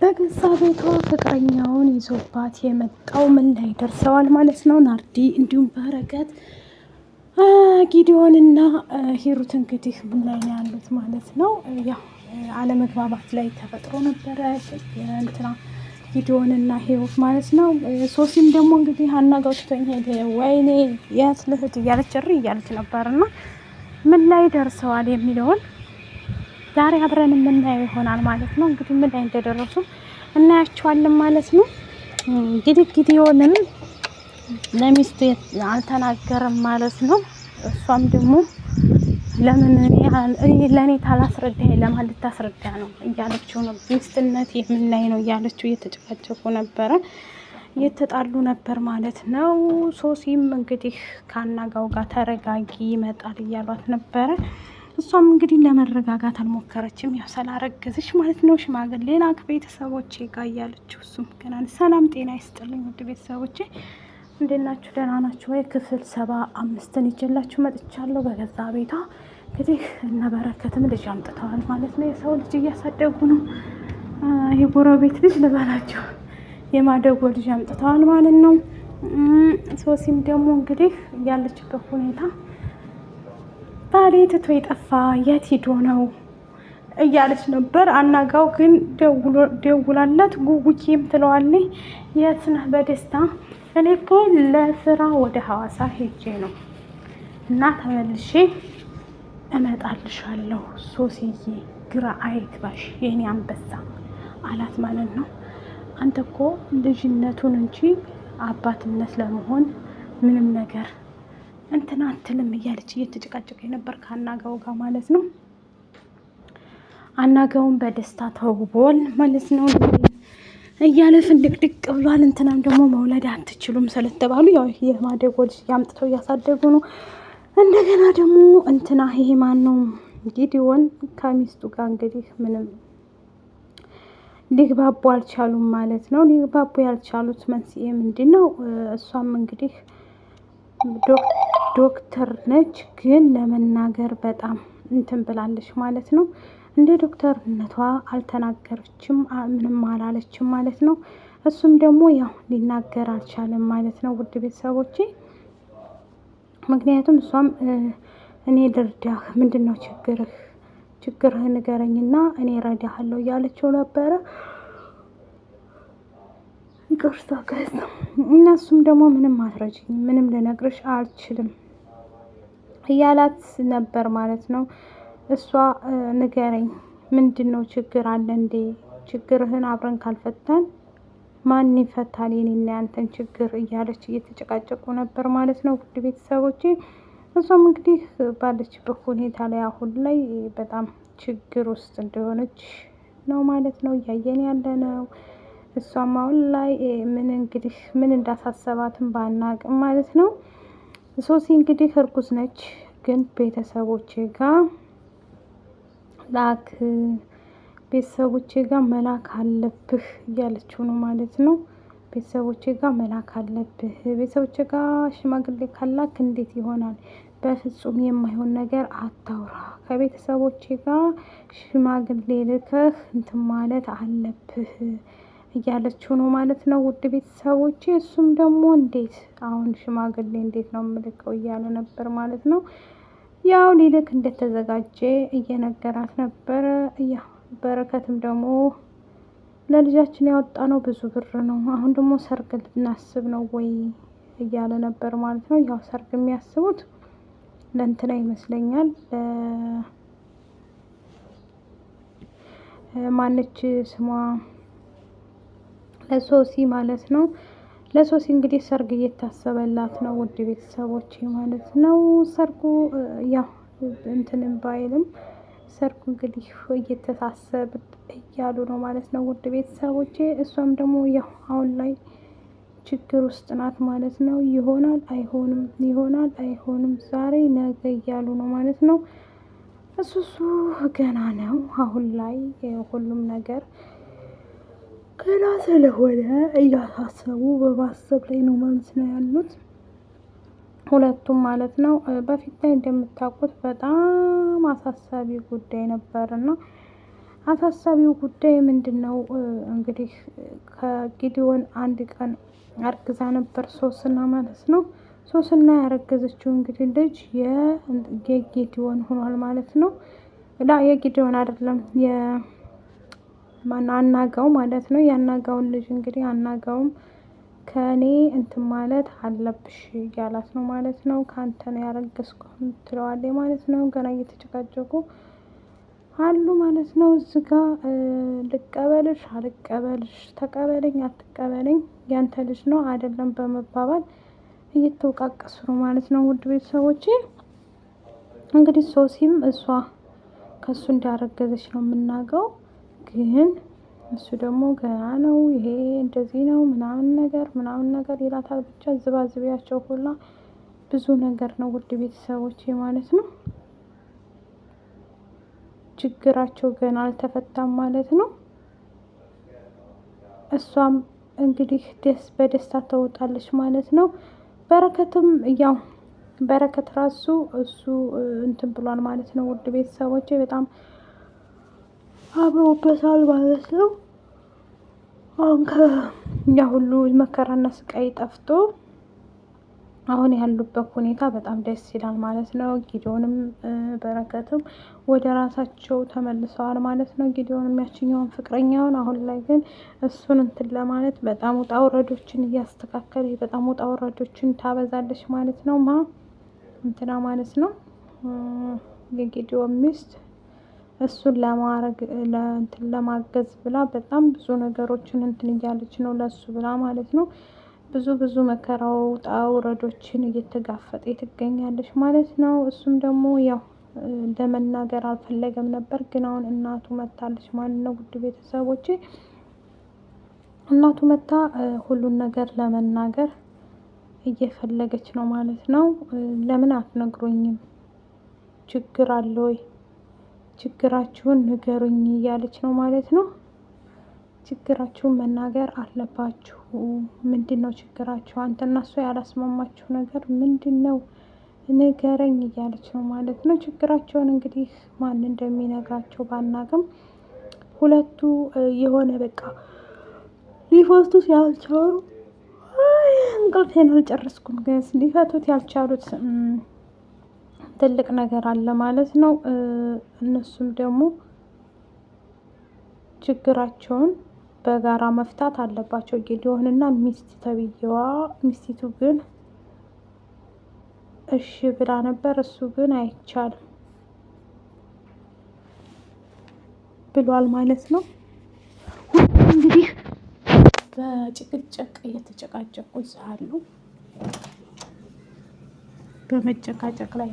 በገዛ ቤቷ ፍቅረኛውን ይዞባት የመጣው ምን ላይ ደርሰዋል ማለት ነው። ናርዲ እንዲሁም በረከት ጊዲዮን እና ሂሩት እንግዲህ ምን ላይ ነው ያሉት ማለት ነው። ያው አለመግባባት ላይ ተፈጥሮ ነበረ እንትና ጊዲዮንና ሂሩት ማለት ነው። ሶሲም ደግሞ እንግዲህ አናጋጅቶኝ ሄደ፣ ወይኔ የት ልሂድ እያለች እሪ እያለች ነበርና ምን ላይ ደርሰዋል የሚለውን ዛሬ አብረን የምናየው ይሆናል ማለት ነው። እንግዲህ ምን ላይ እንደደረሱ እናያቸዋለን ማለት ነው። እንግዲህ ጊዲዮንም ለሚስቱ አልተናገርም ማለት ነው። እሷም ደግሞ ለምን እኔ ለእኔ ታላስረዳ ለማን ልታስረዳ ነው እያለችው ነው። ሚስትነት የምን ላይ ነው እያለችው እየተጨቃጨቁ ነበረ፣ የተጣሉ ነበር ማለት ነው። ሶሲም እንግዲህ ከአናጋው ጋር ተረጋጊ ይመጣል እያሏት ነበረ። እሷም እንግዲህ ለመረጋጋት አልሞከረችም። ያው ስላረገዘች ማለት ነው ሽማግሌ ሌላ ቤተሰቦቼ ጋ እያለችው እሱም ገና ሰላም ጤና ይስጥልኝ ውድ ቤተሰቦቼ እንዴት ናችሁ? ደህና ናችሁ ወይ? ክፍል ሰባ አምስትን ይዤላችሁ መጥቻለሁ። በገዛ ቤቷ እንግዲህ እነ በረከትም ልጅ አምጥተዋል ማለት ነው። የሰው ልጅ እያሳደጉ ነው። የጎረቤት ልጅ ልበላችሁ፣ የማደጎ ልጅ አምጥተዋል ማለት ነው። ሶሲም ደግሞ እንግዲህ ያለችበት ሁኔታ ባሌ ትቶ የጠፋ የት ሂዶ ነው እያለች ነበር። አናጋው ግን ደውላለት ጉጉኪም ትለዋለች። የት ነህ? በደስታ እኔ እኮ ለስራ ወደ ሐዋሳ ሄጄ ነው እና ተመልሼ እመጣልሻለሁ ሶስዬ፣ ግራ ባሽ የኔ አንበሳ አላት ማለት ነው። አንተ እኮ ልጅነቱን እንጂ አባትነት ለመሆን ምንም ነገር እንትና አትልም እያለች እየተጨቃጨቀ ነበር ከአናጋው ጋር ማለት ነው። አናጋውን በደስታ ተውቧል ማለት ነው እያለ ፍንድቅድቅ ብሏል። እንትናም ደግሞ መውለድ አትችሉም ስለተባሉ ያው የማደጎ ልጅ ያምጥተው እያሳደጉ ነው። እንደገና ደግሞ እንትና ይሄ ማን ነው ጊዲዮን ከሚስቱ ጋር እንግዲህ ምንም ሊግባቡ አልቻሉም ማለት ነው። ሊግባቡ ያልቻሉት መንስኤ ምንድን ነው? እሷም እንግዲህ ዶክተር ዶክተር ነች፣ ግን ለመናገር በጣም እንትን ብላለች ማለት ነው። እንደ ዶክተርነቷ አልተናገረችም፣ ምንም አላለችም ማለት ነው። እሱም ደግሞ ያው ሊናገር አልቻለም ማለት ነው። ውድ ቤተሰቦቼ ምክንያቱም እሷም እኔ ልርዳህ፣ ምንድን ነው ችግርህ ችግርህ ንገረኝና እኔ ረዳሃለሁ እያለችው ነበረ። ይቅርታ ከዛ እነሱም ደግሞ ምንም አትረጅኝ፣ ምንም ልነግርሽ አልችልም እያላት ነበር ማለት ነው። እሷ ንገረኝ፣ ምንድን ነው ችግር አለ እንዴ? ችግርህን አብረን ካልፈታን ማን ይፈታል የኔና ያንተን ችግር እያለች እየተጨቃጨቁ ነበር ማለት ነው። ውድ ቤተሰቦች እሷም እንግዲህ ባለችበት ሁኔታ ላይ አሁን ላይ በጣም ችግር ውስጥ እንደሆነች ነው ማለት ነው እያየን ያለ ነው። እሷም አሁን ላይ ምን እንግዲህ ምን እንዳሳሰባትን ባናቅም ማለት ነው ሶሲ እንግዲህ እርጉዝ ነች። ግን ቤተሰቦቼ ጋር ላክ ቤተሰቦቼ ጋር መላክ አለብህ እያለችው ነው ማለት ነው። ቤተሰቦቼ ጋር መላክ አለብህ። ቤተሰቦቼ ጋር ሽማግሌ ካላክ እንዴት ይሆናል? በፍጹም የማይሆን ነገር አታውራ። ከቤተሰቦቼ ጋር ሽማግሌ ልከህ እንትን ማለት አለብህ እያለችው ነው ማለት ነው። ውድ ቤተሰቦች እሱም ደግሞ እንዴት አሁን ሽማግሌ እንዴት ነው ምልቀው እያለ ነበር ማለት ነው። ያው ሊልክ እንደተዘጋጀ እየነገራት ነበረ። በረከትም ደግሞ ለልጃችን ያወጣ ነው ብዙ ብር ነው። አሁን ደግሞ ሰርግ ልናስብ ነው ወይ እያለ ነበር ማለት ነው። ያው ሰርግ የሚያስቡት ለእንትና ይመስለኛል ማነች ስሟ ለሶሲ ማለት ነው። ለሶሲ እንግዲህ ሰርግ እየታሰበላት ነው፣ ውድ ቤተሰቦች ማለት ነው። ሰርጉ ያው እንትንም ባይልም ሰርጉ እንግዲህ እየተሳሰብ እያሉ ነው ማለት ነው፣ ውድ ቤተሰቦች። እሷም ደግሞ ያው አሁን ላይ ችግር ውስጥ ናት ማለት ነው። ይሆናል አይሆንም፣ ይሆናል አይሆንም፣ ዛሬ ነገ እያሉ ነው ማለት ነው። እሱ እሱ ገና ነው። አሁን ላይ ሁሉም ነገር ፈተና ስለሆነ እያሳሰቡ በማሰብ ላይ ነው ማለት ነው ያሉት ሁለቱም ማለት ነው። በፊት ላይ እንደምታውቁት በጣም አሳሳቢ ጉዳይ ነበር እና አሳሳቢው ጉዳይ ምንድን ነው እንግዲህ ከጊዲዮን አንድ ቀን አርግዛ ነበር ሶስና ማለት ነው። ሶስና ያረገዘችው እንግዲህ ልጅ የጌጌዲዮን ሆኗል ማለት ነው። የጌዲዮን አይደለም ማነው አናጋው ማለት ነው። ያናጋውን ልጅ እንግዲህ አናጋውም ከእኔ እንትን ማለት አለብሽ እያላት ነው ማለት ነው። ከአንተ ነው ያረገዝኩ ትለዋለች ማለት ነው። ገና እየተጨቃጨቁ አሉ ማለት ነው። እዚህ ጋ ልቀበልሽ አልቀበልሽ፣ ተቀበለኝ አትቀበለኝ፣ ያንተ ልጅ ነው አይደለም በመባባል እየተወቃቀሱ ነው ማለት ነው። ውድ ቤተሰቦች እንግዲህ ሶሲም እሷ ከእሱ እንዳረገዘች ነው የምናገው ግን እሱ ደግሞ ገና ነው፣ ይሄ እንደዚህ ነው ምናምን ነገር ምናምን ነገር ይላታል። ብቻ ዝባዝቢያቸው ሁላ ብዙ ነገር ነው ውድ ቤተሰቦች ማለት ነው። ችግራቸው ገና አልተፈታም ማለት ነው። እሷም እንግዲህ ደስ በደስታ ተውጣለች ማለት ነው። በረከትም ያው በረከት ራሱ እሱ እንትን ብሏል ማለት ነው። ውድ ቤተሰቦች በጣም አብሮበታል ማለት ነው። አሁን ከእኛ ሁሉ መከራና ስቃይ ጠፍቶ አሁን ያሉበት ሁኔታ በጣም ደስ ይላል ማለት ነው። ጊዲዮንም በረከትም ወደ ራሳቸው ተመልሰዋል ማለት ነው። ጊዲዮንም ያችኛውን ፍቅረኛውን አሁን ላይ ግን እሱን እንትን ለማለት በጣም ውጣ ውረዶችን እያስተካከለ በጣም ውጣ ውረዶችን ታበዛለች ማለት ነው። ማ እንትና ማለት ነው የጊዲዮን ሚስት እሱን ለማድረግ እንትን ለማገዝ ብላ በጣም ብዙ ነገሮችን እንትን እያለች ነው ለሱ ብላ ማለት ነው። ብዙ ብዙ መከራ ውጣ ውረዶችን እየተጋፈጠ ትገኛለች ማለት ነው። እሱም ደግሞ ያው ለመናገር አልፈለገም ነበር፣ ግን አሁን እናቱ መታለች ማለት ነው። ውድ ቤተሰቦች እናቱ መታ ሁሉን ነገር ለመናገር እየፈለገች ነው ማለት ነው። ለምን አትነግሮኝም ችግር አለ ወይ ችግራችሁን ንገሩኝ እያለች ነው ማለት ነው። ችግራችሁን መናገር አለባችሁ። ምንድን ነው ችግራችሁ? አንተና እሷ ያላስማማችሁ ነገር ምንድን ነው? ንገረኝ እያለች ነው ማለት ነው። ችግራቸውን እንግዲህ ማን እንደሚነግራቸው ባናቅም ሁለቱ የሆነ በቃ ሊፈቱት ያልቻሉ እንቅልፌን አልጨረስኩም፣ ግን ሊፈቱት ያልቻሉት ትልቅ ነገር አለ ማለት ነው። እነሱም ደግሞ ችግራቸውን በጋራ መፍታት አለባቸው። ጌዲዮንና ሚስት ተብዬዋ ሚስቲቱ ግን እሺ ብላ ነበር። እሱ ግን አይቻልም ብሏል ማለት ነው። ሁሉም እንግዲህ በጭቅጭቅ እየተጨቃጨቁ ይዛሉ። በመጨቃጨቅ ላይ